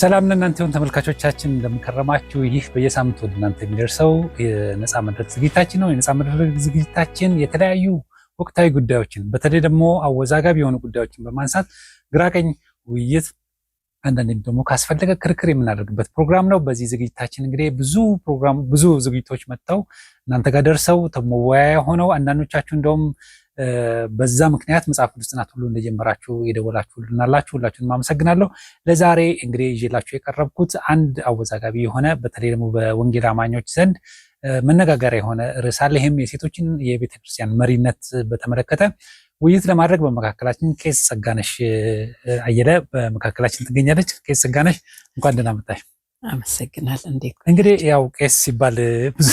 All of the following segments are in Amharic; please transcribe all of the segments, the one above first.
ሰላም ለእናንተ ይሁን ተመልካቾቻችን፣ እንደምንከረማችሁ። ይህ በየሳምንቱ ወደ እናንተ የሚደርሰው የነፃ መድረክ ዝግጅታችን ነው። የነፃ መድረክ ዝግጅታችን የተለያዩ ወቅታዊ ጉዳዮችን በተለይ ደግሞ አወዛጋቢ የሆኑ ጉዳዮችን በማንሳት ግራቀኝ ውይይት፣ አንዳንድ ደግሞ ካስፈለገ ክርክር የምናደርግበት ፕሮግራም ነው። በዚህ ዝግጅታችን እንግዲህ ብዙ ፕሮግራም ብዙ ዝግጅቶች መጥተው እናንተ ጋር ደርሰው ተመወያያ ሆነው አንዳንዶቻችሁ እንደውም በዛ ምክንያት መጽሐፍ ቅዱስ ጥናት ሁሉ እንደጀመራችሁ የደወላችሁ ልናላችሁ ሁላችሁንም አመሰግናለሁ። ለዛሬ እንግዲህ ይዤላችሁ የቀረብኩት አንድ አወዛጋቢ የሆነ በተለይ ደግሞ በወንጌል አማኞች ዘንድ መነጋገሪያ የሆነ ርዕስ አለ። ይህም የሴቶችን የቤተክርስቲያን መሪነት በተመለከተ ውይይት ለማድረግ በመካከላችን ቄስ ጸጋነሽ አየለ በመካከላችን ትገኛለች። ቄስ ጸጋነሽ እንኳን ደህና መጣሽ። አመሰግናል። እንዴት እንግዲህ ያው ቄስ ሲባል ብዙ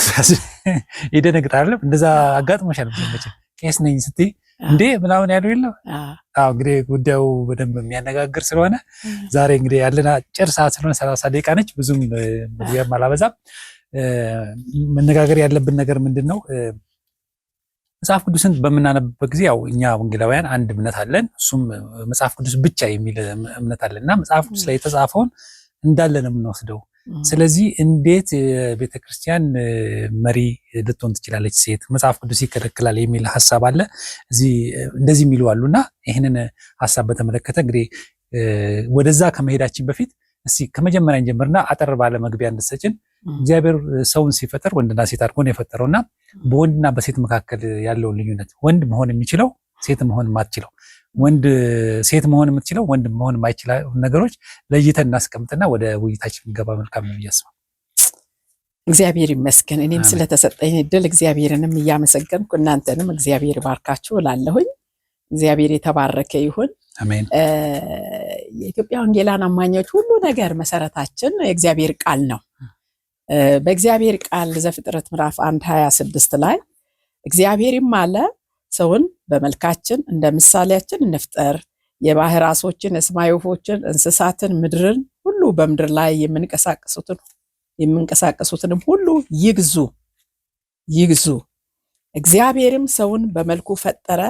ይደነግጣል። እንደዛ አጋጥሞሻል? ቄስ ነኝ ስትይ እንዴ ምናምን ያሉ የለም። አዎ እንግዲህ ጉዳዩ በደንብ የሚያነጋግር ስለሆነ ዛሬ እንግዲህ ያለን አጭር ሰዓት ስለሆነ ሰላሳ ደቂቃ ነች፣ ብዙም ያም አላበዛም። መነጋገር ያለብን ነገር ምንድን ነው? መጽሐፍ ቅዱስን በምናነብበት ጊዜ ያው እኛ ወንጌላውያን አንድ እምነት አለን፣ እሱም መጽሐፍ ቅዱስ ብቻ የሚል እምነት አለን እና መጽሐፍ ቅዱስ ላይ የተጻፈውን እንዳለ ነው የምንወስደው ስለዚህ እንዴት የቤተ ክርስቲያን መሪ ልትሆን ትችላለች ሴት? መጽሐፍ ቅዱስ ይከለክላል የሚል ሀሳብ አለ። እንደዚህ የሚሉ አሉና ይህንን ሀሳብ በተመለከተ እንግዲህ ወደዛ ከመሄዳችን በፊት እስቲ ከመጀመሪያ ጀምርና አጠር ባለ መግቢያ እንድትሰጭን። እግዚአብሔር ሰውን ሲፈጠር ወንድና ሴት አድርጎን የፈጠረውና በወንድና በሴት መካከል ያለውን ልዩነት ወንድ መሆን የሚችለው ሴት መሆን ማትችለው። ወንድ ሴት መሆን የምትችለው ወንድ መሆን የማይችላ ነገሮች ለይተን እናስቀምጥና ወደ ውይይታችን ገባ። መልካም ነው ብያስባ እግዚአብሔር ይመስገን። እኔም ስለተሰጠኝ እድል እግዚአብሔርንም እያመሰገንኩ እናንተንም እግዚአብሔር ባርካችሁ እላለሁኝ። እግዚአብሔር የተባረከ ይሁን። የኢትዮጵያ ወንጌላን አማኞች ሁሉ ነገር መሰረታችን የእግዚአብሔር ቃል ነው። በእግዚአብሔር ቃል ዘፍጥረት ምዕራፍ አንድ ሀያ ስድስት ላይ እግዚአብሔርም አለ ሰውን በመልካችን እንደ ምሳሌያችን እንፍጠር። የባህር ዓሦችን፣ የሰማይ ወፎችን፣ እንስሳትን፣ ምድርን ሁሉ በምድር ላይ የምንቀሳቀሱትን የምንቀሳቀሱትንም ሁሉ ይግዙ ይግዙ። እግዚአብሔርም ሰውን በመልኩ ፈጠረ፣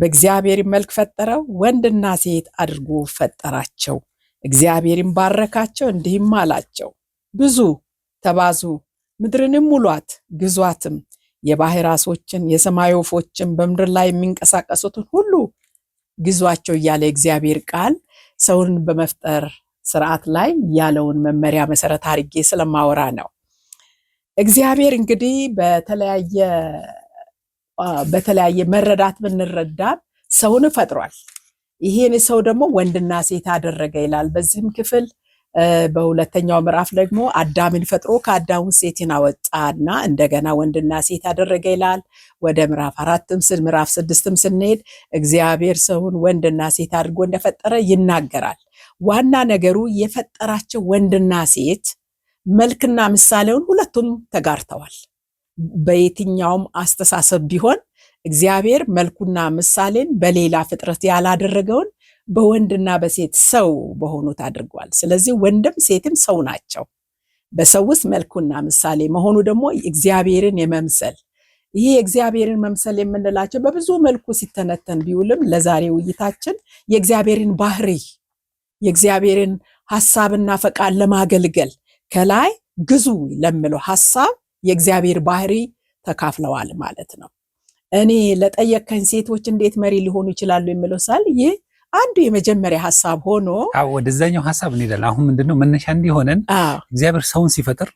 በእግዚአብሔር መልክ ፈጠረው፣ ወንድና ሴት አድርጎ ፈጠራቸው። እግዚአብሔርም ባረካቸው፣ እንዲህም አላቸው፦ ብዙ ተባዙ፣ ምድርንም ሙሏት፣ ግዟትም የባህር ራሶችን የሰማይ ወፎችን፣ በምድር ላይ የሚንቀሳቀሱትን ሁሉ ግዟቸው እያለ እግዚአብሔር ቃል ሰውን በመፍጠር ስርዓት ላይ ያለውን መመሪያ መሰረት አድርጌ ስለማወራ ነው። እግዚአብሔር እንግዲህ በተለያየ በተለያየ መረዳት ብንረዳም ሰውን ፈጥሯል። ይሄን ሰው ደግሞ ወንድና ሴት አደረገ ይላል። በዚህም ክፍል በሁለተኛው ምዕራፍ ደግሞ አዳምን ፈጥሮ ከአዳሙ ሴትን አወጣና እንደገና ወንድና ሴት አደረገ ይላል። ወደ ምዕራፍ አራትም ምዕራፍ ስድስትም ስንሄድ እግዚአብሔር ሰውን ወንድና ሴት አድርጎ እንደፈጠረ ይናገራል። ዋና ነገሩ የፈጠራቸው ወንድና ሴት መልክና ምሳሌውን ሁለቱም ተጋርተዋል። በየትኛውም አስተሳሰብ ቢሆን እግዚአብሔር መልኩና ምሳሌን በሌላ ፍጥረት ያላደረገውን በወንድና በሴት ሰው በሆኑት አድርጓል። ስለዚህ ወንድም ሴትም ሰው ናቸው። በሰው ውስጥ መልኩና ምሳሌ መሆኑ ደግሞ እግዚአብሔርን የመምሰል ይህ የእግዚአብሔርን መምሰል የምንላቸው በብዙ መልኩ ሲተነተን ቢውልም ለዛሬ ውይይታችን የእግዚአብሔርን ባህሪ የእግዚአብሔርን ሀሳብና ፈቃድ ለማገልገል ከላይ ግዙ ለምለው ሀሳብ የእግዚአብሔር ባህሪ ተካፍለዋል ማለት ነው። እኔ ለጠየከኝ ሴቶች እንዴት መሪ ሊሆኑ ይችላሉ የሚለው ሳል ይህ አንዱ የመጀመሪያ ሀሳብ ሆኖ ወደዛኛው ሀሳብ እንሄዳለን። አሁን ምንድነው መነሻ እንዲሆነን እግዚአብሔር ሰውን ሲፈጥር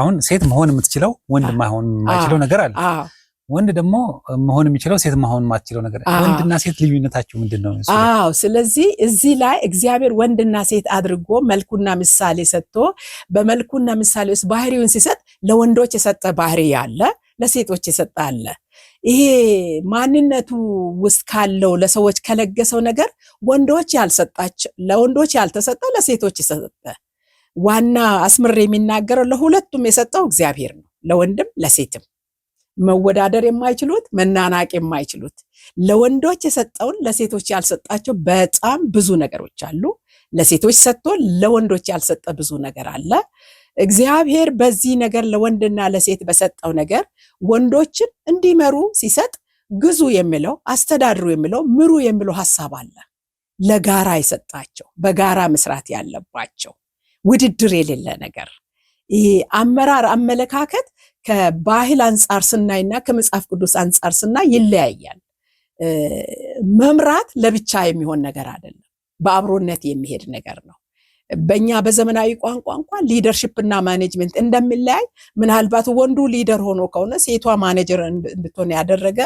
አሁን ሴት መሆን የምትችለው ወንድ ማሆን የማይችለው ነገር አለ። ወንድ ደግሞ መሆን የሚችለው ሴት መሆን የማትችለው ነገር ወንድና ሴት ልዩነታቸው ምንድን ነው? አዎ። ስለዚህ እዚህ ላይ እግዚአብሔር ወንድና ሴት አድርጎ መልኩና ምሳሌ ሰጥቶ በመልኩና ምሳሌ ውስጥ ባህሪውን ሲሰጥ ለወንዶች የሰጠ ባህሪ አለ፣ ለሴቶች የሰጠ አለ። ይሄ ማንነቱ ውስጥ ካለው ለሰዎች ከለገሰው ነገር ወንዶች ያልሰጣቸው ለወንዶች ያልተሰጠ ለሴቶች የሰጠ ዋና አስምር የሚናገረው ለሁለቱም የሰጠው እግዚአብሔር ነው፣ ለወንድም ለሴትም። መወዳደር የማይችሉት መናናቅ የማይችሉት ለወንዶች የሰጠውን ለሴቶች ያልሰጣቸው በጣም ብዙ ነገሮች አሉ። ለሴቶች ሰጥቶ ለወንዶች ያልሰጠ ብዙ ነገር አለ። እግዚአብሔር በዚህ ነገር ለወንድና ለሴት በሰጠው ነገር ወንዶችን እንዲመሩ ሲሰጥ ግዙ የሚለው አስተዳድሩ የሚለው ምሩ የሚለው ሀሳብ አለ። ለጋራ የሰጣቸው በጋራ መስራት ያለባቸው ውድድር የሌለ ነገር አመራር አመለካከት ከባህል አንጻር ስናይና ከመጽሐፍ ቅዱስ አንጻር ስናይ ይለያያል። መምራት ለብቻ የሚሆን ነገር አይደለም፣ በአብሮነት የሚሄድ ነገር ነው። በእኛ በዘመናዊ ቋንቋ እንኳን ሊደርሽፕ እና ማኔጅመንት እንደሚለያይ ምናልባት ወንዱ ሊደር ሆኖ ከሆነ ሴቷ ማኔጀር እንድትሆን ያደረገ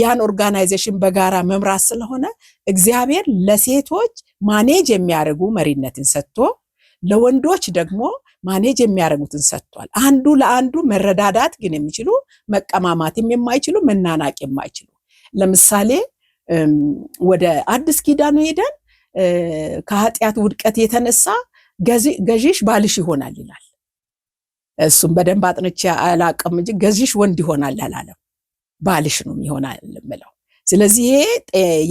ያን ኦርጋናይዜሽን በጋራ መምራት ስለሆነ እግዚአብሔር ለሴቶች ማኔጅ የሚያደርጉ መሪነትን ሰጥቶ ለወንዶች ደግሞ ማኔጅ የሚያደርጉትን ሰጥቷል። አንዱ ለአንዱ መረዳዳት ግን የሚችሉ መቀማማትም የማይችሉ መናናቅ የማይችሉ ለምሳሌ ወደ አዲስ ኪዳኑ ሄደን ከኃጢአት ውድቀት የተነሳ ገዢሽ ባልሽ ይሆናል ይላል። እሱም በደንብ አጥንቼ አላቅም እንጂ ገዢሽ ወንድ ይሆናል አላለም። ባልሽ ነው ይሆናል ምለው። ስለዚህ ይሄ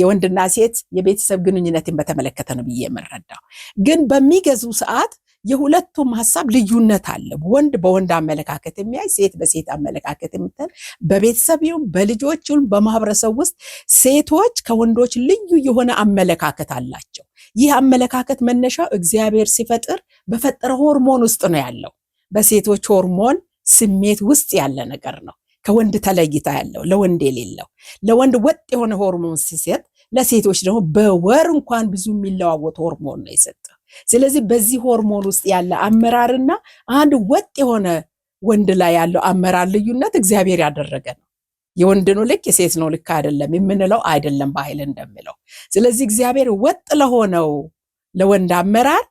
የወንድና ሴት የቤተሰብ ግንኙነትን በተመለከተ ነው ብዬ የምረዳው። ግን በሚገዙ ሰዓት የሁለቱም ሀሳብ ልዩነት አለ። ወንድ በወንድ አመለካከት የሚያይ፣ ሴት በሴት አመለካከት የምታል በቤተሰብ ይሁን በልጆች ይሁን በማህበረሰብ ውስጥ ሴቶች ከወንዶች ልዩ የሆነ አመለካከት አላቸው። ይህ አመለካከት መነሻው እግዚአብሔር ሲፈጥር በፈጠረ ሆርሞን ውስጥ ነው ያለው። በሴቶች ሆርሞን ስሜት ውስጥ ያለ ነገር ነው። ከወንድ ተለይታ ያለው ለወንድ የሌለው ለወንድ ወጥ የሆነ ሆርሞን ሲሰጥ፣ ለሴቶች ደግሞ በወር እንኳን ብዙ የሚለዋወጥ ሆርሞን ነው የሰጠው። ስለዚህ በዚህ ሆርሞን ውስጥ ያለ አመራርና አንድ ወጥ የሆነ ወንድ ላይ ያለው አመራር ልዩነት እግዚአብሔር ያደረገ ነው። የወንድኑ ልክ የሴት ነው ልክ አይደለም የምንለው አይደለም በኃይል እንደሚለው። ስለዚህ እግዚአብሔር ወጥ ለሆነው ለወንድ አመራር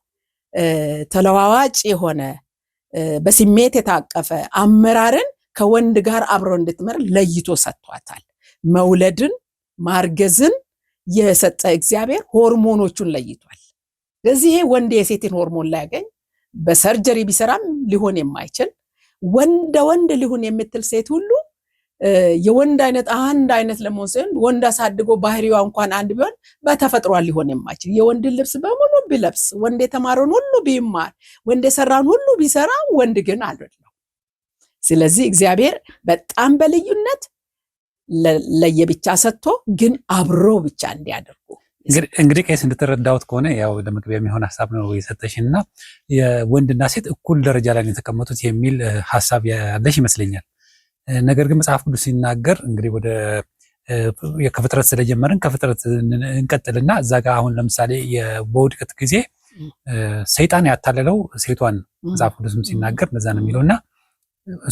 ተለዋዋጭ የሆነ በስሜት የታቀፈ አመራርን ከወንድ ጋር አብሮ እንድትመር ለይቶ ሰጥቷታል። መውለድን ማርገዝን የሰጠ እግዚአብሔር ሆርሞኖቹን ለይቷል። ለዚህ ወንድ የሴትን ሆርሞን ላያገኝ በሰርጀሪ ቢሰራም ሊሆን የማይችል ወንደ ወንድ ሊሆን የምትል ሴት ሁሉ የወንድ አይነት አንድ አይነት ለመሆን ሲሆን ወንድ አሳድጎ ባህሪዋ እንኳን አንድ ቢሆን በተፈጥሯል ሊሆን የማይችል የወንድን ልብስ በሙሉ ቢለብስ ወንድ የተማረውን ሁሉ ቢማር ወንድ የሰራውን ሁሉ ቢሰራ ወንድ ግን አልወድነው። ስለዚህ እግዚአብሔር በጣም በልዩነት ለየብቻ ሰጥቶ ግን አብሮ ብቻ እንዲያደርጉ እንግዲህ ቄስ እንደተረዳሁት ከሆነ ያው ለምግብ የሚሆን ሀሳብ ነው የሰጠሽን እና የወንድና ሴት እኩል ደረጃ ላይ የተቀመጡት የሚል ሀሳብ ያለሽ ይመስለኛል። ነገር ግን መጽሐፍ ቅዱስ ሲናገር እንግዲህ ወደ ከፍጥረት ስለጀመርን ከፍጥረት እንቀጥልና እዛ ጋር አሁን ለምሳሌ በውድቀት ጊዜ ሰይጣን ያታለለው ሴቷን መጽሐፍ ቅዱስም ሲናገር እንደዛ ነው የሚለው እና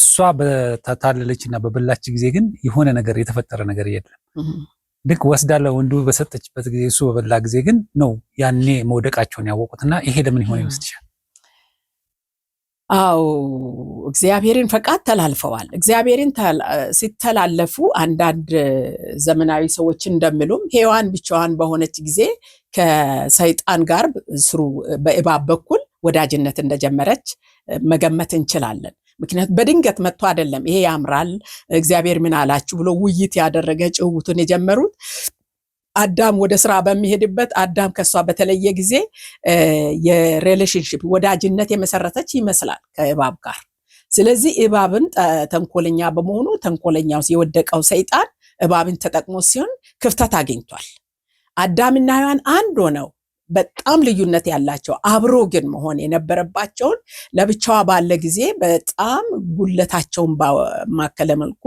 እሷ በታታለለች እና በበላች ጊዜ ግን የሆነ ነገር የተፈጠረ ነገር የለም። ልክ ወስዳ ለወንዱ በሰጠችበት ጊዜ እሱ በበላ ጊዜ ግን ነው ያኔ መውደቃቸውን ያወቁትና ይሄ ለምን ይሆን ይመስልሻል? አዎ እግዚአብሔርን ፈቃድ ተላልፈዋል። እግዚአብሔርን ሲተላለፉ አንዳንድ ዘመናዊ ሰዎች እንደሚሉም ሔዋን ብቻዋን በሆነች ጊዜ ከሰይጣን ጋር ስሩ በእባብ በኩል ወዳጅነት እንደጀመረች መገመት እንችላለን። ምክንያቱም በድንገት መጥቶ አይደለም። ይሄ ያምራል፣ እግዚአብሔር ምን አላችሁ ብሎ ውይይት ያደረገ ጭውውቱን የጀመሩት አዳም ወደ ስራ በሚሄድበት አዳም ከሷ በተለየ ጊዜ የሬሌሽንሽፕ ወዳጅነት የመሰረተች ይመስላል ከእባብ ጋር። ስለዚህ እባብን ተንኮለኛ በመሆኑ ተንኮለኛው የወደቀው ሰይጣን እባብን ተጠቅሞ ሲሆን ክፍተት አግኝቷል። አዳምና ሔዋን አንድ ሆነው በጣም ልዩነት ያላቸው አብሮ ግን መሆን የነበረባቸውን ለብቻዋ ባለ ጊዜ በጣም ጉለታቸውን ባማከለ መልኩ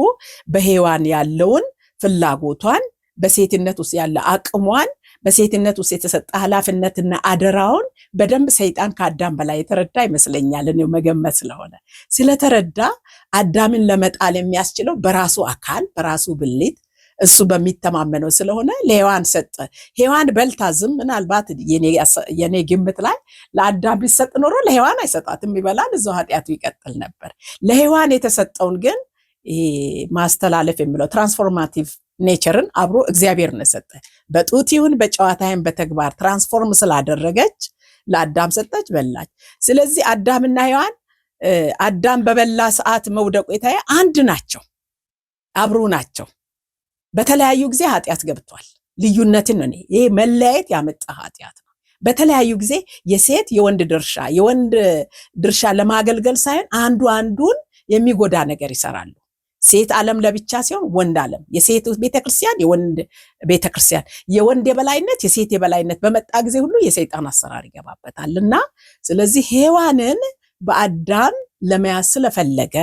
በሔዋን ያለውን ፍላጎቷን በሴትነት ውስጥ ያለ አቅሟን በሴትነት ውስጥ የተሰጠ ኃላፊነትና አደራውን በደንብ ሰይጣን ከአዳም በላይ የተረዳ ይመስለኛል። እኔው መገመት ስለሆነ ስለተረዳ አዳምን ለመጣል የሚያስችለው በራሱ አካል በራሱ ብልት እሱ በሚተማመነው ስለሆነ ለሔዋን ሰጠ። ሔዋን በልታ ዝም ምናልባት የኔ ግምት ላይ ለአዳም ቢሰጥ ኖሮ ለሔዋን አይሰጣትም፣ ይበላል፣ እዛው ኃጢአቱ ይቀጥል ነበር። ለሔዋን የተሰጠውን ግን ማስተላለፍ የሚለው ትራንስፎርማቲቭ ኔቸርን አብሮ እግዚአብሔር ሰጠ። በጡት ይሁን በጨዋታ ይሁን በተግባር ትራንስፎርም ስላደረገች ለአዳም ሰጠች፣ በላች። ስለዚህ አዳምና ሔዋን አዳም በበላ ሰዓት መውደቁ የታየ አንድ ናቸው፣ አብሮ ናቸው። በተለያዩ ጊዜ ኃጢአት ገብቷል። ልዩነትን ነው ይሄ መለያየት ያመጣ ኃጢአት ነው። በተለያዩ ጊዜ የሴት የወንድ ድርሻ የወንድ ድርሻ ለማገልገል ሳይሆን አንዱ አንዱን የሚጎዳ ነገር ይሰራሉ። ሴት ዓለም ለብቻ ሲሆን ወንድ ዓለም፣ የሴት ቤተክርስቲያን፣ የወንድ ቤተክርስቲያን፣ የወንድ የበላይነት፣ የሴት የበላይነት በመጣ ጊዜ ሁሉ የሰይጣን አሰራር ይገባበታል እና ስለዚህ ሔዋንን በአዳም ለመያዝ ስለፈለገ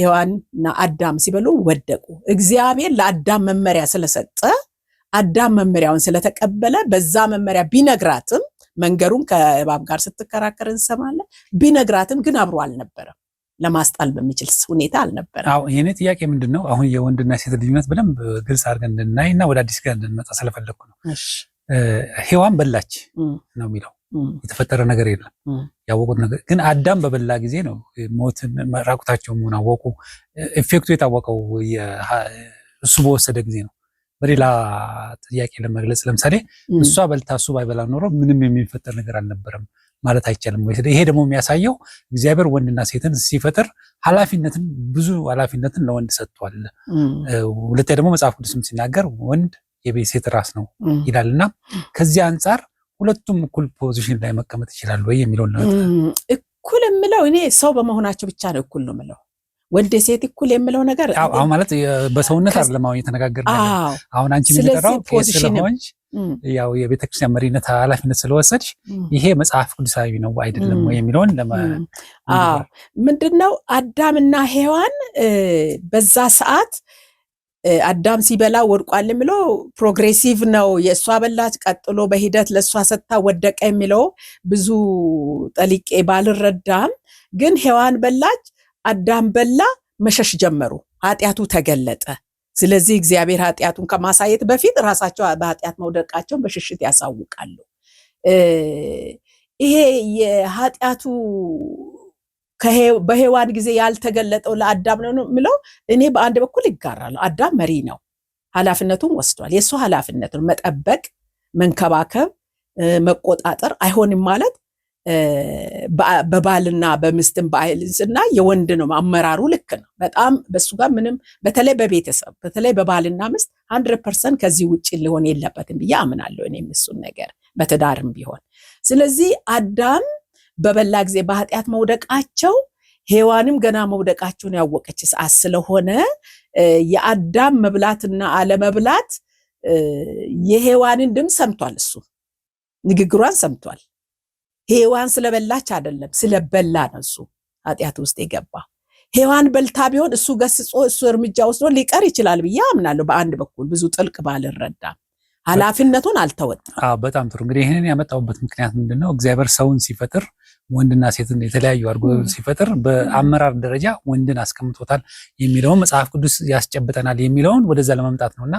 ሔዋንና አዳም ሲበሉ ወደቁ። እግዚአብሔር ለአዳም መመሪያ ስለሰጠ አዳም መመሪያውን ስለተቀበለ በዛ መመሪያ ቢነግራትም መንገዱን ከእባብ ጋር ስትከራከር እንሰማለን። ቢነግራትም ግን አብሮ አልነበረም። ለማስጣል በሚችል ሁኔታ አልነበረ። አዎ የእኔ ጥያቄ ምንድን ነው አሁን የወንድና ሴት ልዩነት በደንብ ግልጽ አድርገን እንድናይ እና ወደ አዲስ ጋር እንድንመጣ ስለፈለግኩ ነው። ሔዋን በላች ነው የሚለው የተፈጠረ ነገር የለም ያወቁት ነገር ግን አዳም በበላ ጊዜ ነው ሞትን መራቁታቸው መሆን አወቁ። ኢፌክቱ የታወቀው እሱ በወሰደ ጊዜ ነው። በሌላ ጥያቄ ለመግለጽ ለምሳሌ እሷ በልታ እሱ ባይበላ ኖሮ ምንም የሚፈጠር ነገር አልነበረም። ማለት አይቻልም። ይሄ ደግሞ የሚያሳየው እግዚአብሔር ወንድና ሴትን ሲፈጥር ኃላፊነትን ብዙ ኃላፊነትን ለወንድ ሰጥቷል። ሁለተኛ ደግሞ መጽሐፍ ቅዱስም ሲናገር ወንድ የቤት ሴት ራስ ነው ይላል እና ከዚህ አንጻር ሁለቱም እኩል ፖዚሽን ላይ መቀመጥ ይችላሉ ወይ የሚለውን ነው። እኩል የምለው እኔ ሰው በመሆናቸው ብቻ ነው እኩል ነው የምለው ወንድ ሴት እኩል የምለው ነገር አሁን ማለት በሰውነት አይደለም። የተነጋገር እየተነጋገርን አሁን አንቺ የሚጠራው ፖዚሽን ያው የቤተክርስቲያን መሪነት ኃላፊነት ስለወሰድሽ ይሄ መጽሐፍ ቅዱሳዊ ነው አይደለም ወይ የሚለውን ምንድን ነው አዳምና ሔዋን በዛ ሰዓት አዳም ሲበላ ወድቋል የሚለው ፕሮግሬሲቭ ነው። የእሷ በላች፣ ቀጥሎ በሂደት ለእሷ ሰጥታ ወደቀ የሚለው ብዙ ጠሊቄ ባልረዳም፣ ግን ሔዋን በላች፣ አዳም በላ፣ መሸሽ ጀመሩ፣ ኃጢአቱ ተገለጠ። ስለዚህ እግዚአብሔር ኃጢአቱን ከማሳየት በፊት ራሳቸው በኃጢአት መውደቃቸውን በሽሽት ያሳውቃሉ። ይሄ የኃጢአቱ በሔዋን ጊዜ ያልተገለጠው ለአዳም ነው የምለው እኔ በአንድ በኩል ይጋራሉ አዳም መሪ ነው፣ ኃላፊነቱን ወስዷል። የእሱ ኃላፊነት መጠበቅ፣ መንከባከብ፣ መቆጣጠር አይሆንም ማለት በባልና በሚስትን በአይልዝና የወንድ ነው አመራሩ ልክ ነው። በጣም በሱ ጋር ምንም በተለይ በቤተሰብ በተለይ በባልና ምስት ሀንድረድ ፐርሰንት ከዚህ ውጭ ሊሆን የለበትም ብዬ አምናለሁ። እኔም እሱን ነገር በትዳርም ቢሆን ስለዚህ አዳም በበላ ጊዜ በኃጢአት መውደቃቸው ሔዋንም ገና መውደቃቸውን ያወቀች ሰዓት ስለሆነ የአዳም መብላትና አለመብላት የሔዋንን ድምፅ ሰምቷል። እሱ ንግግሯን ሰምቷል። ሔዋን ስለበላች አይደለም ስለበላ ነው እሱ ኃጢአት ውስጥ የገባ ሔዋን በልታ ቢሆን እሱ ገስጾ እሱ እርምጃ ወስዶ ሊቀር ይችላል ብዬ አምናለሁ። በአንድ በኩል ብዙ ጥልቅ ባልረዳም ኃላፊነቱን አልተወጣም። በጣም ጥሩ እንግዲህ ይህንን ያመጣውበት ምክንያት ምንድን ነው? እግዚአብሔር ሰውን ሲፈጥር ወንድና ሴትን የተለያዩ አድርጎ ሲፈጥር በአመራር ደረጃ ወንድን አስቀምጦታል የሚለውን መጽሐፍ ቅዱስ ያስጨብጠናል የሚለውን ወደዛ ለመምጣት ነው እና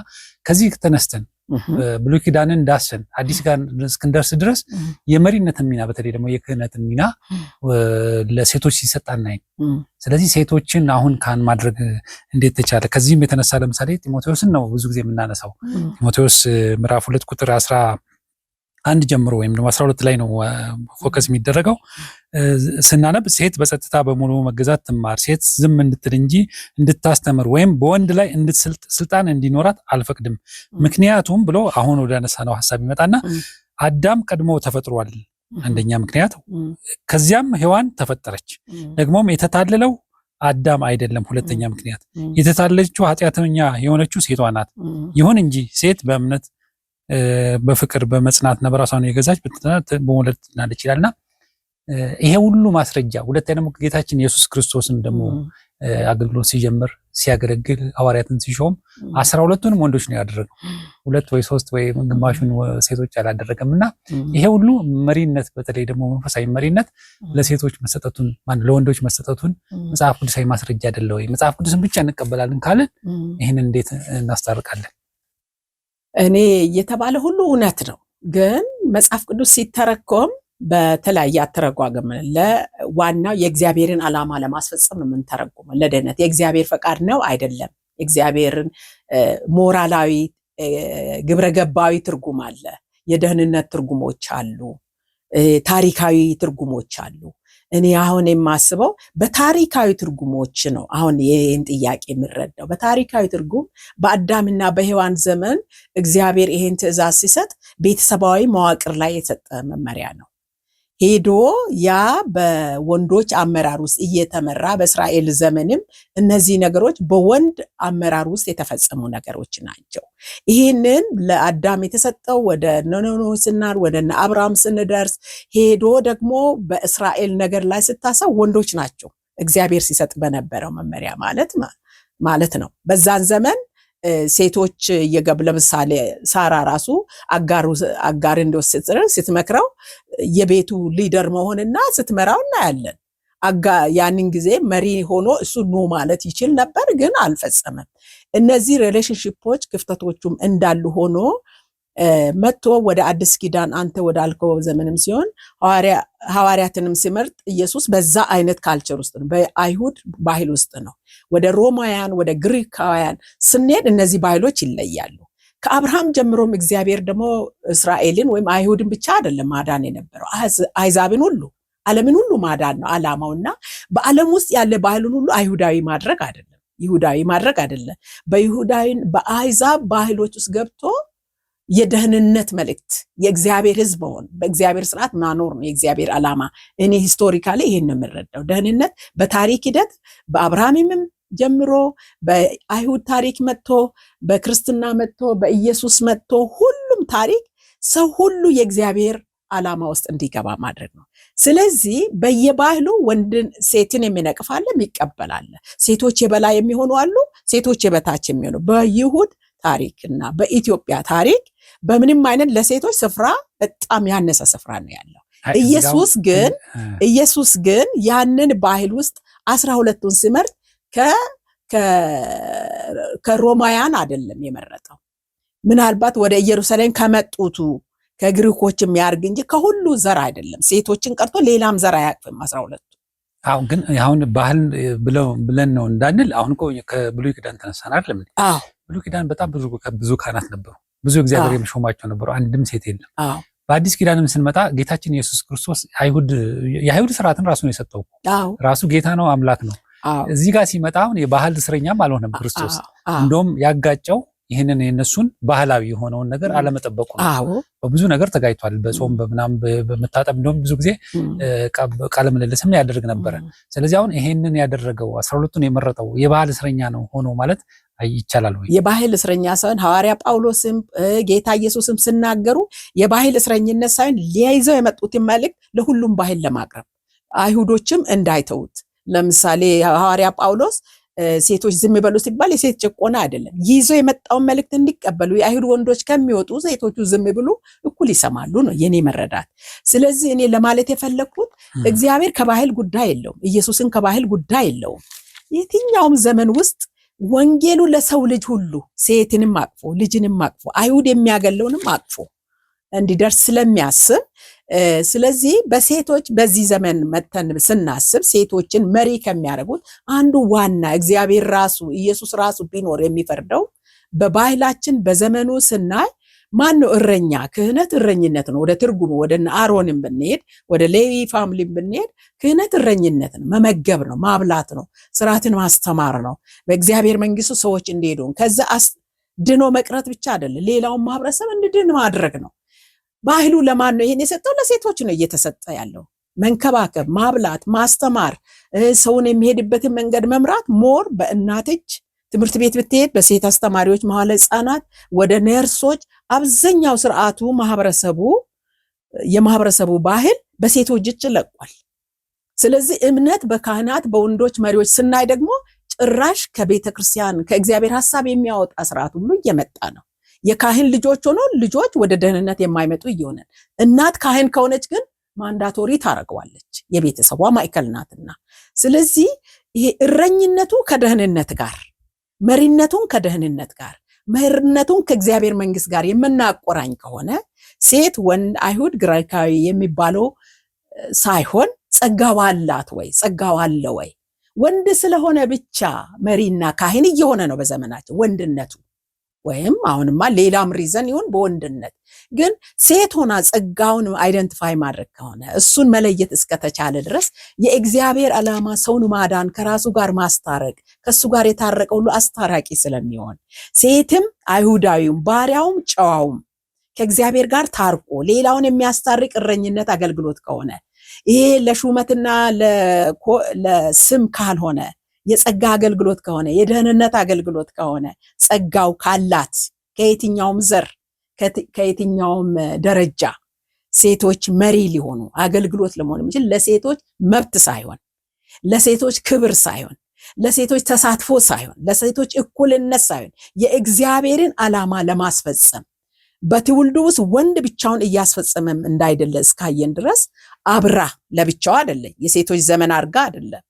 ከዚህ ተነስተን ብሉይ ኪዳንን ዳስን አዲስ ጋር እስክንደርስ ድረስ የመሪነትን ሚና በተለይ ደግሞ የክህነትን ሚና ለሴቶች ሲሰጣ እናይ። ስለዚህ ሴቶችን አሁን ካህን ማድረግ እንዴት ተቻለ? ከዚህም የተነሳ ለምሳሌ ጢሞቴዎስን ነው ብዙ ጊዜ የምናነሳው። ጢሞቴዎስ ምዕራፍ ሁለት ቁጥር አስራ አንድ ጀምሮ ወይም ደግሞ አስራ ሁለት ላይ ነው ፎከስ የሚደረገው። ስናነብ ሴት በጸጥታ በሙሉ መገዛት ትማር፣ ሴት ዝም እንድትል እንጂ እንድታስተምር ወይም በወንድ ላይ ስልጣን እንዲኖራት አልፈቅድም። ምክንያቱም ብሎ አሁን ወደ ነው ሀሳብ ይመጣና አዳም ቀድሞ ተፈጥሯል። አንደኛ ምክንያት ከዚያም ሔዋን ተፈጠረች። ደግሞም የተታለለው አዳም አይደለም። ሁለተኛ ምክንያት የተታለለችው ኃጢአተኛ የሆነችው ሴቷ ናት። ይሁን እንጂ ሴት በእምነት በፍቅር በመጽናት ነበር ራሷን የገዛች በመውለድ ትናለች ይላል እና ይሄ ሁሉ ማስረጃ። ሁለተኛ ደግሞ ጌታችን ኢየሱስ ክርስቶስም ደግሞ አገልግሎት ሲጀምር ሲያገለግል ሐዋርያትን ሲሾም አስራ ሁለቱንም ወንዶች ነው ያደረገው። ሁለት ወይ ሶስት ወይ ግማሹን ሴቶች አላደረገም እና ይሄ ሁሉ መሪነት፣ በተለይ ደግሞ መንፈሳዊ መሪነት ለሴቶች መሰጠቱን ለወንዶች መሰጠቱን መጽሐፍ ቅዱሳዊ ማስረጃ አይደለ ወይ? መጽሐፍ ቅዱስን ብቻ እንቀበላለን ካልን ይህን እንዴት እናስታርቃለን? እኔ የተባለ ሁሉ እውነት ነው። ግን መጽሐፍ ቅዱስ ሲተረኮም በተለያየ አተረጓጎም ለዋናው የእግዚአብሔርን ዓላማ ለማስፈጸም ነው የምንተረጉመው። ለደህንነት የእግዚአብሔር ፈቃድ ነው አይደለም። የእግዚአብሔርን ሞራላዊ ግብረገባዊ ትርጉም አለ። የደህንነት ትርጉሞች አሉ። ታሪካዊ ትርጉሞች አሉ። እኔ አሁን የማስበው በታሪካዊ ትርጉሞች ነው። አሁን ይህን ጥያቄ የምረዳው በታሪካዊ ትርጉም በአዳምና በሔዋን ዘመን እግዚአብሔር ይህን ትእዛዝ ሲሰጥ ቤተሰባዊ መዋቅር ላይ የሰጠ መመሪያ ነው። ሄዶ ያ በወንዶች አመራር ውስጥ እየተመራ በእስራኤል ዘመንም እነዚህ ነገሮች በወንድ አመራር ውስጥ የተፈጸሙ ነገሮች ናቸው። ይህንን ለአዳም የተሰጠው ወደ ነኖኖ ስናር ወደ አብርሃም ስንደርስ ሄዶ ደግሞ በእስራኤል ነገር ላይ ስታሰብ ወንዶች ናቸው እግዚአብሔር ሲሰጥ በነበረው መመሪያ ማለት ማለት ነው። በዛን ዘመን ሴቶች የገብ ለምሳሌ ሳራ ራሱ አጋር እንዲወስድ ስትመክረው የቤቱ ሊደር መሆንና ስትመራው እናያለን። ያንን ጊዜ መሪ ሆኖ እሱ ኖ ማለት ይችል ነበር፣ ግን አልፈጸመም። እነዚህ ሪሌሽንሽፖች ክፍተቶቹም እንዳሉ ሆኖ መጥቶ ወደ አዲስ ኪዳን አንተ ወደ አልኮ ዘመንም ሲሆን ሐዋርያትንም ሲመርጥ ኢየሱስ በዛ አይነት ካልቸር ውስጥ ነው፣ በአይሁድ ባህል ውስጥ ነው። ወደ ሮማውያን ወደ ግሪካውያን ስንሄድ እነዚህ ባህሎች ይለያሉ። ከአብርሃም ጀምሮም እግዚአብሔር ደግሞ እስራኤልን ወይም አይሁድን ብቻ አይደለም ማዳን የነበረው አይዛብን ሁሉ ዓለምን ሁሉ ማዳን ነው አላማው እና በዓለም ውስጥ ያለ ባህልን ሁሉ አይሁዳዊ ማድረግ አይደለም ይሁዳዊ ማድረግ አይደለም። በይሁዳዊ በአይዛብ ባህሎች ውስጥ ገብቶ የደህንነት መልእክት የእግዚአብሔር ህዝብ መሆን በእግዚአብሔር ስርዓት ማኖር ነው የእግዚአብሔር ዓላማ። እኔ ሂስቶሪካሊ ይህን የምረዳው ደህንነት በታሪክ ሂደት በአብርሃምም ጀምሮ በአይሁድ ታሪክ መጥቶ በክርስትና መጥቶ በኢየሱስ መጥቶ ሁሉም ታሪክ ሰው ሁሉ የእግዚአብሔር ዓላማ ውስጥ እንዲገባ ማድረግ ነው። ስለዚህ በየባህሉ ወንድን ሴትን የሚነቅፋለ ይቀበላለ። ሴቶች የበላይ የሚሆኑ አሉ፣ ሴቶች የበታች የሚሆኑ በይሁድ እና በኢትዮጵያ ታሪክ በምንም አይነት ለሴቶች ስፍራ በጣም ያነሰ ስፍራ ነው ያለው። ኢየሱስ ግን ኢየሱስ ግን ያንን ባህል ውስጥ አስራ ሁለቱን ሲመርጥ ከሮማውያን አይደለም የመረጠው። ምናልባት ወደ ኢየሩሳሌም ከመጡቱ ከግሪኮችም ያርግ እንጂ ከሁሉ ዘር አይደለም። ሴቶችን ቀርቶ ሌላም ዘር አያቅፍም አስራ ሁለቱ አሁን ግን አሁን ባህል ብለን ነው እንዳንል አሁን ከብሉይ ኪዳን ተነሳን አይደለም። ብሉይ ኪዳን በጣም ብዙ ካህናት ነበሩ። ብዙ እግዚአብሔር የሚሾማቸው ነበሩ፣ አንድም ሴት የለም። በአዲስ ኪዳንም ስንመጣ ጌታችን ኢየሱስ ክርስቶስ የአይሁድ ስርዓትን ራሱ ነው የሰጠው። ራሱ ጌታ ነው፣ አምላክ ነው። እዚህ ጋር ሲመጣ አሁን የባህል እስረኛም አልሆነም ክርስቶስ። እንደውም ያጋጨው ይህንን የነሱን ባህላዊ የሆነውን ነገር አለመጠበቁ ነው። በብዙ ነገር ተጋይቷል። በጾም በምናም በመታጠብ እንደውም ብዙ ጊዜ ቃለ ምልልስም ያደርግ ነበረ። ስለዚህ አሁን ይሄንን ያደረገው አስራ ሁለቱን የመረጠው የባህል እስረኛ ነው ሆኖ ማለት ይቻላል ወይ? የባህል እስረኛ ሳይሆን ሐዋርያ ጳውሎስም ጌታ ኢየሱስም ስናገሩ የባህል እስረኝነት ሳይሆን ሊያይዘው የመጡትን መልእክት ለሁሉም ባህል ለማቅረብ አይሁዶችም እንዳይተውት ለምሳሌ ሐዋርያ ጳውሎስ ሴቶች ዝም በሉ ሲባል የሴት ጭቆና አይደለም፣ ይዞ የመጣውን መልእክት እንዲቀበሉ የአይሁድ ወንዶች ከሚወጡ ሴቶቹ ዝም ብሉ እኩል ይሰማሉ ነው የኔ መረዳት። ስለዚህ እኔ ለማለት የፈለግኩት እግዚአብሔር ከባህል ጉዳይ የለውም፣ ኢየሱስን ከባህል ጉዳይ የለውም። የትኛውም ዘመን ውስጥ ወንጌሉ ለሰው ልጅ ሁሉ ሴትንም አቅፎ ልጅንም አቅፎ አይሁድ የሚያገለውንም አቅፎ እንዲደርስ ስለሚያስብ ስለዚህ በሴቶች በዚህ ዘመን መተን ስናስብ ሴቶችን መሪ ከሚያደርጉት አንዱ ዋና እግዚአብሔር ራሱ ኢየሱስ ራሱ ቢኖር የሚፈርደው በባህላችን በዘመኑ ስናይ ማን ነው እረኛ? ክህነት እረኝነት ነው። ወደ ትርጉሙ ወደ አሮንም ብንሄድ ወደ ሌዊ ፋምሊ ብንሄድ ክህነት እረኝነት ነው። መመገብ ነው፣ ማብላት ነው፣ ስርዓትን ማስተማር ነው። በእግዚአብሔር መንግስቱ ሰዎች እንዲሄዱ ከዛ ድኖ መቅረት ብቻ አይደለም፣ ሌላውን ማህበረሰብ እንድድን ማድረግ ነው። ባህሉ ለማን ነው ይሄን የሰጠው? ለሴቶች ነው እየተሰጠ ያለው መንከባከብ፣ ማብላት፣ ማስተማር፣ ሰውን የሚሄድበትን መንገድ መምራት ሞር በእናት እጅ ትምህርት ቤት ብትሄድ በሴት አስተማሪዎች፣ መዋለ ህጻናት፣ ወደ ነርሶች አብዛኛው ስርዓቱ ማህበረሰቡ የማህበረሰቡ ባህል በሴቶች እጅ ለቋል። ስለዚህ እምነት በካህናት በወንዶች መሪዎች ስናይ ደግሞ ጭራሽ ከቤተ ክርስቲያን ከእግዚአብሔር ሀሳብ የሚያወጣ ስርዓት ሁሉ እየመጣ ነው። የካህን ልጆች ሆኖ ልጆች ወደ ደህንነት የማይመጡ እየሆነ እናት ካህን ከሆነች ግን ማንዳቶሪ ታደርገዋለች የቤተሰቧ ማዕከል ናትና። ስለዚህ ይሄ እረኝነቱ ከደህንነት ጋር መሪነቱን ከደህንነት ጋር መርነቱን ከእግዚአብሔር መንግስት ጋር የምናቆራኝ ከሆነ ሴት ወንድ አይሁድ ግራካዊ የሚባለው ሳይሆን ጸጋዋ አላት ወይ ጸጋዋ ወይ? ወንድ ስለሆነ ብቻ መሪና ካህን እየሆነ ነው በዘመናቸው ወንድነቱ ወይም አሁንማ ሌላም ሪዘን ይሁን በወንድነት ግን ሴት ሆና ጸጋውን አይደንቲፋይ ማድረግ ከሆነ እሱን መለየት እስከተቻለ ድረስ የእግዚአብሔር ዓላማ ሰውን ማዳን፣ ከራሱ ጋር ማስታረቅ፣ ከእሱ ጋር የታረቀ ሁሉ አስታራቂ ስለሚሆን ሴትም አይሁዳዊውም ባሪያውም ጨዋውም ከእግዚአብሔር ጋር ታርቆ ሌላውን የሚያስታርቅ እረኝነት አገልግሎት ከሆነ ይሄ ለሹመትና ለስም ካልሆነ የጸጋ አገልግሎት ከሆነ የደህንነት አገልግሎት ከሆነ ጸጋው ካላት ከየትኛውም ዘር ከየትኛውም ደረጃ ሴቶች መሪ ሊሆኑ አገልግሎት ለመሆን የሚችል ለሴቶች መብት ሳይሆን ለሴቶች ክብር ሳይሆን ለሴቶች ተሳትፎ ሳይሆን ለሴቶች እኩልነት ሳይሆን የእግዚአብሔርን ዓላማ ለማስፈጸም በትውልዱ ውስጥ ወንድ ብቻውን እያስፈጸመም እንዳይደለ እስካየን ድረስ አብራ ለብቻው አይደለ የሴቶች ዘመን አድርጋ አይደለም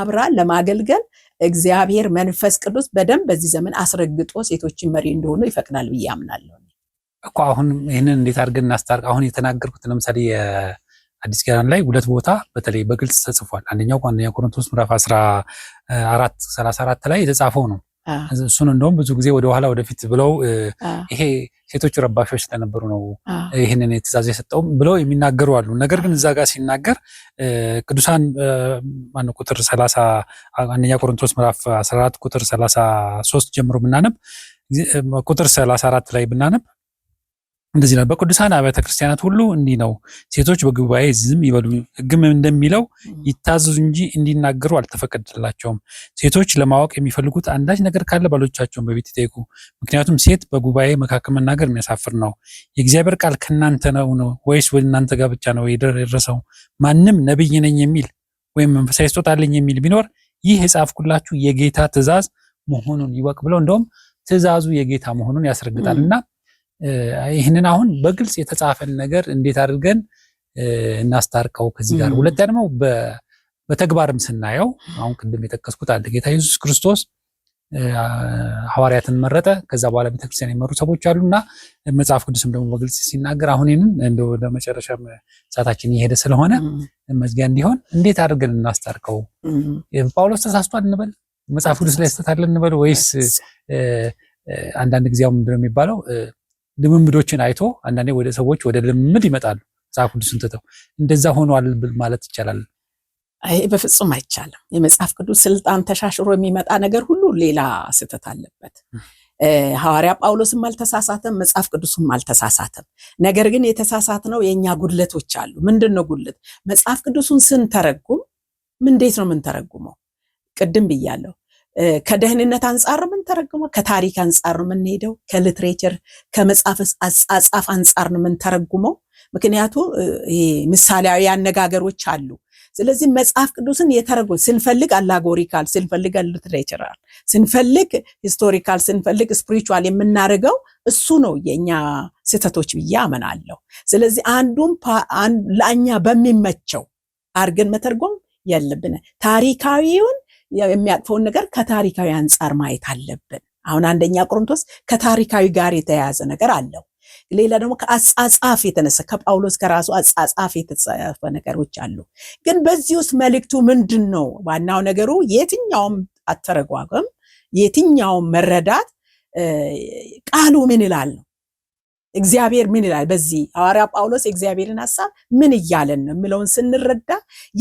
አብራ ለማገልገል እግዚአብሔር መንፈስ ቅዱስ በደንብ በዚህ ዘመን አስረግጦ ሴቶችን መሪ እንደሆኑ ይፈቅዳል ብዬ አምናለሁ እኮ አሁን ይህንን እንዴት አድርገን እናስታርቅ አሁን የተናገርኩት ለምሳሌ የአዲስ ኪዳን ላይ ሁለት ቦታ በተለይ በግልጽ ተጽፏል። አንደኛው አንደኛ ቆሮንቶስ ምዕራፍ 14 34 ላይ የተጻፈው ነው። እሱን እንደውም ብዙ ጊዜ ወደኋላ ወደፊት ብለው ይሄ ሴቶች ረባሾች ስለነበሩ ነው ይህንን ትእዛዝ የሰጠውም ብለው የሚናገሩ አሉ። ነገር ግን እዛ ጋር ሲናገር ቅዱሳን ማነው ቁጥር ሰላሳ አንደኛ ቆሮንቶስ ምዕራፍ 14 ቁጥር 33 ጀምሮ ብናነብ ቁጥር 34 ላይ ብናነብ እንደዚህ ነው። በቅዱሳን አብያተ ክርስቲያናት ሁሉ እንዲህ ነው። ሴቶች በጉባኤ ዝም ይበሉ፣ ሕግም እንደሚለው ይታዘዙ እንጂ እንዲናገሩ አልተፈቀደላቸውም። ሴቶች ለማወቅ የሚፈልጉት አንዳች ነገር ካለ ባሎቻቸውን በቤት ይጠይቁ፣ ምክንያቱም ሴት በጉባኤ መካከል መናገር የሚያሳፍር ነው። የእግዚአብሔር ቃል ከእናንተ ነው ነው ወይስ ወደ እናንተ ጋር ብቻ ነው የደረሰው? ማንም ነብይ ነኝ የሚል ወይም መንፈሳዊ ስጦታ አለኝ የሚል ቢኖር ይህ የጻፍኩላችሁ የጌታ ትእዛዝ መሆኑን ይወቅ ብለው እንደውም ትእዛዙ የጌታ መሆኑን ያስረግጣል እና ይህንን አሁን በግልጽ የተጻፈን ነገር እንዴት አድርገን እናስታርቀው ከዚህ ጋር። ሁለተኛ ደግሞ በተግባርም ስናየው አሁን ቅድም የጠቀስኩት አለ ጌታ ኢየሱስ ክርስቶስ ሐዋርያትን መረጠ። ከዛ በኋላ ቤተክርስቲያን የመሩ ሰዎች አሉና መጽሐፍ ቅዱስም ደግሞ በግልጽ ሲናገር አሁን ይህንን እንደ ወደ መጨረሻ ሰዓታችን እየሄደ ስለሆነ መዝጊያ እንዲሆን እንዴት አድርገን እናስታርቀው? ጳውሎስ ተሳስቷል እንበል፣ መጽሐፍ ቅዱስ ላይ ስህተት አለ እንበል፣ ወይስ አንዳንድ ጊዜው ምንድነው የሚባለው ልምምዶችን አይቶ አንዳንዴ ወደ ሰዎች ወደ ልምምድ ይመጣሉ መጽሐፍ ቅዱስን ትተው። እንደዛ ሆኗል ማለት ይቻላል? ይሄ በፍጹም አይቻልም። የመጽሐፍ ቅዱስ ስልጣን ተሻሽሮ የሚመጣ ነገር ሁሉ ሌላ ስህተት አለበት። ሐዋርያ ጳውሎስም አልተሳሳተም፣ መጽሐፍ ቅዱስም አልተሳሳተም። ነገር ግን የተሳሳት ነው የእኛ ጉድለቶች አሉ። ምንድን ነው ጉድለት? መጽሐፍ ቅዱሱን ስንተረጉም እንዴት ነው የምንተረጉመው? ቅድም ብያለሁ ከደህንነት አንጻር ምን ተረግሞ ከታሪክ አንጻር ነው የምንሄደው። ከሊትሬቸር ከመጽሐፍ አጻጻፍ አንጻር ነው የምንተረጉመው። ምክንያቱ ምሳሌያዊ አነጋገሮች አሉ። ስለዚህ መጽሐፍ ቅዱስን የተረጉ ስንፈልግ አላጎሪካል፣ ስንፈልግ ሊትሬቸራል፣ ስንፈልግ ሂስቶሪካል፣ ስንፈልግ ስፕሪቹዋል የምናደርገው እሱ ነው የእኛ ስህተቶች ብዬ አምናለሁ። ስለዚህ አንዱም ለእኛ በሚመቸው አድርገን መተርጎም የለብን ታሪካዊውን የሚያቅፈውን ነገር ከታሪካዊ አንጻር ማየት አለብን። አሁን አንደኛ ቆሮንቶስ ከታሪካዊ ጋር የተያያዘ ነገር አለው። ሌላ ደግሞ ከአጻጻፍ የተነሳ ከጳውሎስ ከራሱ አጻጻፍ የተጻፈ ነገሮች አሉ። ግን በዚህ ውስጥ መልእክቱ ምንድን ነው? ዋናው ነገሩ የትኛውም አተረጓጎም የትኛውም መረዳት ቃሉ ምን ይላል ነው እግዚአብሔር ምን ይላል? በዚህ ሐዋርያ ጳውሎስ የእግዚአብሔርን ሐሳብ ምን እያለን ነው የሚለውን ስንረዳ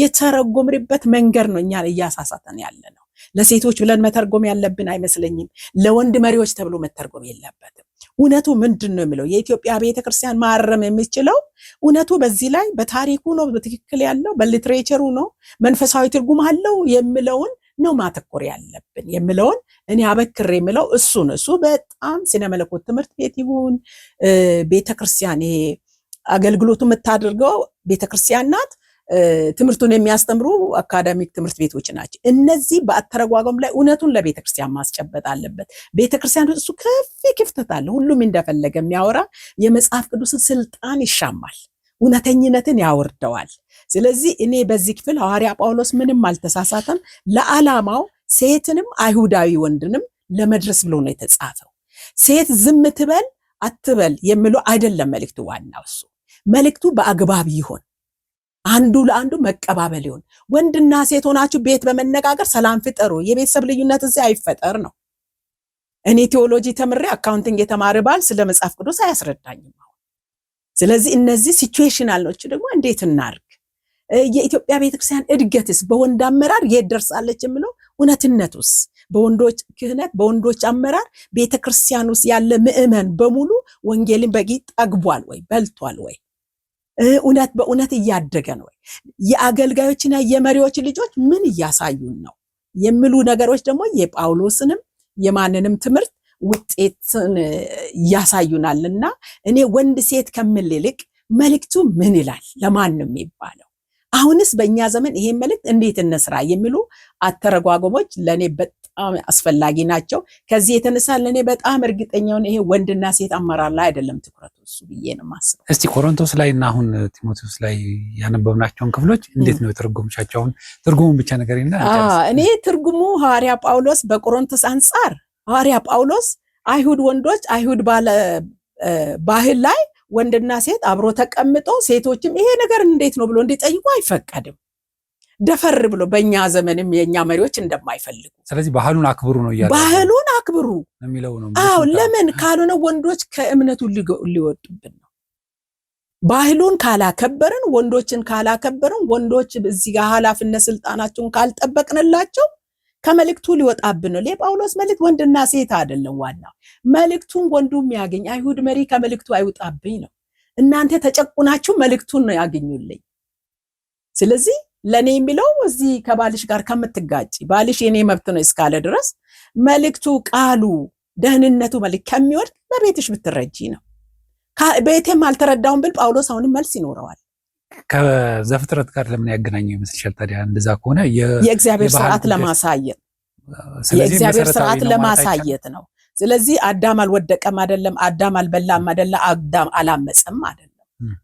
የተረጎምንበት መንገድ ነው እኛን እያሳሳተን ያለ ነው። ለሴቶች ብለን መተርጎም ያለብን አይመስለኝም። ለወንድ መሪዎች ተብሎ መተርጎም የለበትም። እውነቱ ምንድን ነው የሚለው የኢትዮጵያ ቤተክርስቲያን ማረም የሚችለው እውነቱ በዚህ ላይ በታሪኩ ነው በትክክል ያለው በሊትሬቸሩ ነው መንፈሳዊ ትርጉም አለው የሚለውን ነው ማተኮር ያለብን የምለውን እኔ አበክር የምለው እሱን እሱ በጣም ስነ መለኮት ትምህርት ቤት ይሁን ቤተክርስቲያን ይሄ አገልግሎቱ የምታደርገው ቤተክርስቲያን ናት። ትምህርቱን የሚያስተምሩ አካዳሚክ ትምህርት ቤቶች ናቸው። እነዚህ በአተረጓጎም ላይ እውነቱን ለቤተክርስቲያን ማስጨበጥ አለበት። ቤተክርስቲያን እሱ ከፊ ክፍተት አለ። ሁሉም እንደፈለገ የሚያወራ የመጽሐፍ ቅዱስን ስልጣን ይሻማል፣ እውነተኝነትን ያወርደዋል። ስለዚህ እኔ በዚህ ክፍል ሐዋርያ ጳውሎስ ምንም አልተሳሳተም። ለዓላማው ሴትንም አይሁዳዊ ወንድንም ለመድረስ ብሎ ነው የተጻፈው። ሴት ዝም ትበል አትበል የሚለው አይደለም መልእክቱ። ዋናው እሱ መልእክቱ በአግባብ ይሆን አንዱ ለአንዱ መቀባበል ይሆን። ወንድና ሴት ሆናችሁ ቤት በመነጋገር ሰላም ፍጠሩ። የቤተሰብ ልዩነት እዚህ አይፈጠር ነው። እኔ ቴዎሎጂ ተምሬ አካውንቲንግ የተማረ ባል ስለ መጽሐፍ ቅዱስ አያስረዳኝም። አሁን ስለዚህ እነዚህ ሲቹዌሽናል ነው። ደግሞ እንዴት እናርግ? የኢትዮጵያ ቤተክርስቲያን እድገትስ በወንድ አመራር የት ደርሳለች የምለው እውነትነቱስ በወንዶች ክህነት በወንዶች አመራር ቤተክርስቲያን ውስጥ ያለ ምዕመን በሙሉ ወንጌልን በጊ ጠግቧል ወይ በልቷል ወይ እውነት በእውነት እያደገ ነው ወይ የአገልጋዮችና የመሪዎች ልጆች ምን እያሳዩን ነው የሚሉ ነገሮች ደግሞ የጳውሎስንም የማንንም ትምህርት ውጤትን ያሳዩናል እና እኔ ወንድ ሴት ከምል ይልቅ መልእክቱ ምን ይላል ለማንም ይባለው አሁንስ በእኛ ዘመን ይሄን መልእክት እንዴት እንስራ የሚሉ አተረጓጎሞች ለእኔ በጣም አስፈላጊ ናቸው። ከዚህ የተነሳ ለእኔ በጣም እርግጠኛውን ይሄ ወንድና ሴት አመራር ላይ አይደለም ትኩረቱ እሱ ብዬ ነው የማስበው። እስቲ ቆሮንቶስ ላይ እና አሁን ቲሞቴዎስ ላይ ያነበብናቸውን ክፍሎች እንዴት ነው የተረጎምሻቸው? ትርጉሙን ብቻ ነገር እኔ ትርጉሙ ሐዋርያ ጳውሎስ በቆሮንቶስ አንጻር ሐዋርያ ጳውሎስ አይሁድ ወንዶች አይሁድ ባለ ባህል ላይ ወንድና ሴት አብሮ ተቀምጦ ሴቶችም ይሄ ነገር እንዴት ነው ብሎ እንዲጠይቁ አይፈቀድም። ደፈር ብሎ በእኛ ዘመንም የእኛ መሪዎች እንደማይፈልጉ ስለዚህ ባህሉን አክብሩ ነው እያለ ባህሉን አክብሩ የሚለው ነው። አዎ ለምን ካልሆነ ወንዶች ከእምነቱ ሊወጡብን ነው። ባህሉን ካላከበርን፣ ወንዶችን ካላከበርን፣ ወንዶች እዚህ ጋር ኃላፊነት ስልጣናቸውን ካልጠበቅንላቸው ከመልእክቱ ሊወጣብን ነው። የጳውሎስ መልእክት ወንድና ሴት አይደለም። ዋናው መልእክቱን ወንዱ የሚያገኝ አይሁድ መሪ ከመልእክቱ አይውጣብኝ ነው። እናንተ ተጨቁናችሁ መልእክቱን ነው ያገኙልኝ። ስለዚህ ለእኔ የሚለው እዚህ ከባልሽ ጋር ከምትጋጭ ባልሽ የኔ መብት ነው እስካለ ድረስ መልእክቱ ቃሉ ደህንነቱ መልክ ከሚወድቅ በቤትሽ ብትረጂ ነው። ቤቴም አልተረዳውም ብል ጳውሎስ አሁንም መልስ ይኖረዋል። ከዘፍጥረት ጋር ለምን ያገናኘው ይመስልሻል? ታዲያ እንደዛ ከሆነ የእግዚአብሔር ስርዓት ለማሳየት የእግዚአብሔር ስርዓት ለማሳየት ነው። ስለዚህ አዳም አልወደቀም አይደለም፣ አዳም አልበላም አይደለም፣ አዳም አላመፀም አይደለም።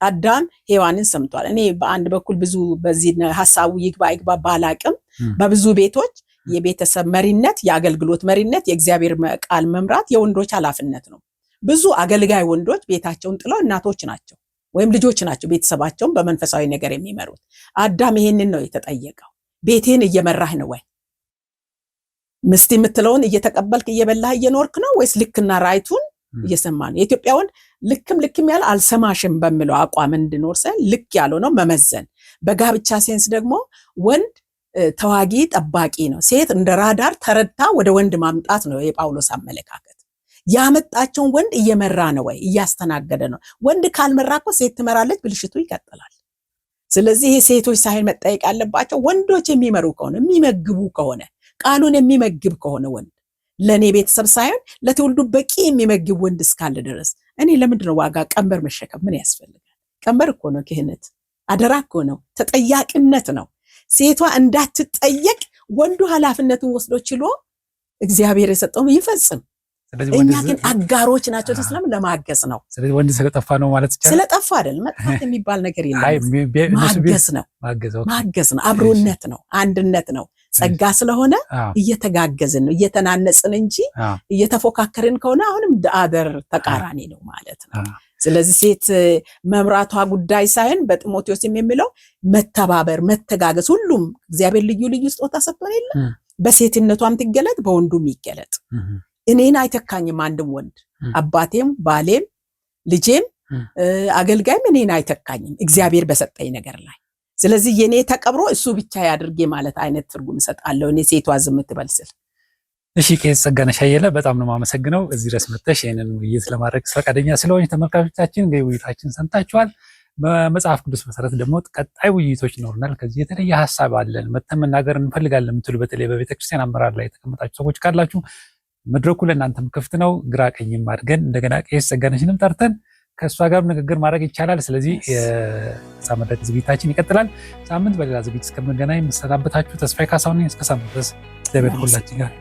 አዳም ሔዋንን ሰምቷል። እኔ በአንድ በኩል ብዙ በዚህ ሀሳቡ ይግባ ይግባ ባላቅም በብዙ ቤቶች የቤተሰብ መሪነት፣ የአገልግሎት መሪነት፣ የእግዚአብሔር ቃል መምራት የወንዶች ኃላፊነት ነው። ብዙ አገልጋይ ወንዶች ቤታቸውን ጥለው እናቶች ናቸው ወይም ልጆች ናቸው ቤተሰባቸውን በመንፈሳዊ ነገር የሚመሩት። አዳም ይሄንን ነው የተጠየቀው። ቤቴን እየመራህ ነው ወይ? ምስት የምትለውን እየተቀበልክ እየበላህ እየኖርክ ነው ወይስ ልክና ራይቱን እየሰማ ነው? የኢትዮጵያውን ልክም ልክም ያለ አልሰማሽም በሚለው አቋም እንድኖር ሳይሆን ልክ ነው መመዘን። በጋብቻ ሴንስ ደግሞ ወንድ ተዋጊ ጠባቂ ነው፣ ሴት እንደ ራዳር ተረድታ ወደ ወንድ ማምጣት ነው የጳውሎስ አመለካከት። ያመጣቸውን ወንድ እየመራ ነው ወይ እያስተናገደ ነው? ወንድ ካልመራ እኮ ሴት ትመራለች፣ ብልሽቱ ይቀጥላል። ስለዚህ ይሄ ሴቶች ሳይን መጠየቅ ያለባቸው ወንዶች የሚመሩ ከሆነ የሚመግቡ ከሆነ ቃሉን የሚመግብ ከሆነ ወንድ ለእኔ ቤተሰብ ሳይሆን ለትውልዱ በቂ የሚመግብ ወንድ እስካለ ድረስ እኔ ለምንድን ነው ዋጋ ቀንበር መሸከም ምን ያስፈልጋል? ቀንበር እኮ ነው ክህነት፣ አደራ እኮ ነው፣ ተጠያቂነት ነው። ሴቷ እንዳትጠየቅ ወንዱ ኃላፊነቱን ወስዶ ችሎ እግዚአብሔር የሰጠውም ይፈጽም። እኛ ግን አጋሮች ናቸው ስለምን ለማገዝ ነው። ስለዚህ ወንድ ስለጠፋ ነው ማለት ይቻላል። ስለጠፋ አይደል፣ መጥፋት የሚባል ነገር የለም። ማገዝ ነው፣ ማገዝ ነው፣ አብሮነት ነው፣ አንድነት ነው። ጸጋ ስለሆነ እየተጋገዝን ነው፣ እየተናነጽን እንጂ እየተፎካከርን ከሆነ አሁንም አደር ተቃራኒ ነው ማለት ነው። ስለዚህ ሴት መምራቷ ጉዳይ ሳይሆን በጢሞቴዎስም የሚለው መተባበር፣ መተጋገዝ ሁሉም እግዚአብሔር ልዩ ልዩ ስጦታ ሰጥቶን የለ በሴትነቷም ትገለጥ በወንዱም ይገለጥ እኔን አይተካኝም አንድም ወንድ አባቴም ባሌም ልጄም አገልጋይም እኔን አይተካኝም እግዚአብሔር በሰጠኝ ነገር ላይ ስለዚህ የእኔ ተቀብሮ እሱ ብቻ ያድርጌ ማለት አይነት ትርጉም እሰጣለሁ እኔ ሴቷ ዝም ትበል ስል እሺ ቄስ ጸጋነሽ አየለ በጣም ነው የማመሰግነው እዚህ ድረስ መጥተሽ ይህንን ውይይት ለማድረግ ፈቃደኛ ስለሆነ ተመልካቾቻችን እንግዲህ ውይይታችን ሰምታችኋል በመጽሐፍ ቅዱስ መሰረት ደግሞ ቀጣይ ውይይቶች ይኖሩናል። ከዚህ የተለየ ሀሳብ አለን መተን መናገር እንፈልጋለን የምትሉ በተለይ በቤተክርስቲያን አመራር ላይ የተቀመጣችሁ ሰዎች ካላችሁ መድረኩ ለእናንተም ክፍት ነው። ግራ ቀኝም አድገን እንደገና ቄስ ጸጋነሽንም ጠርተን ከእሷ ጋር ንግግር ማድረግ ይቻላል። ስለዚህ የነፃ መድረክ ዝግጅታችን ይቀጥላል። ሳምንት በሌላ ዝግጅት እስከምንገናኝ የምሰናበታችሁ ተስፋዬ ካሳሁን እስከ ሳምንት ድረስ ዘቤት ሁላችን ጋር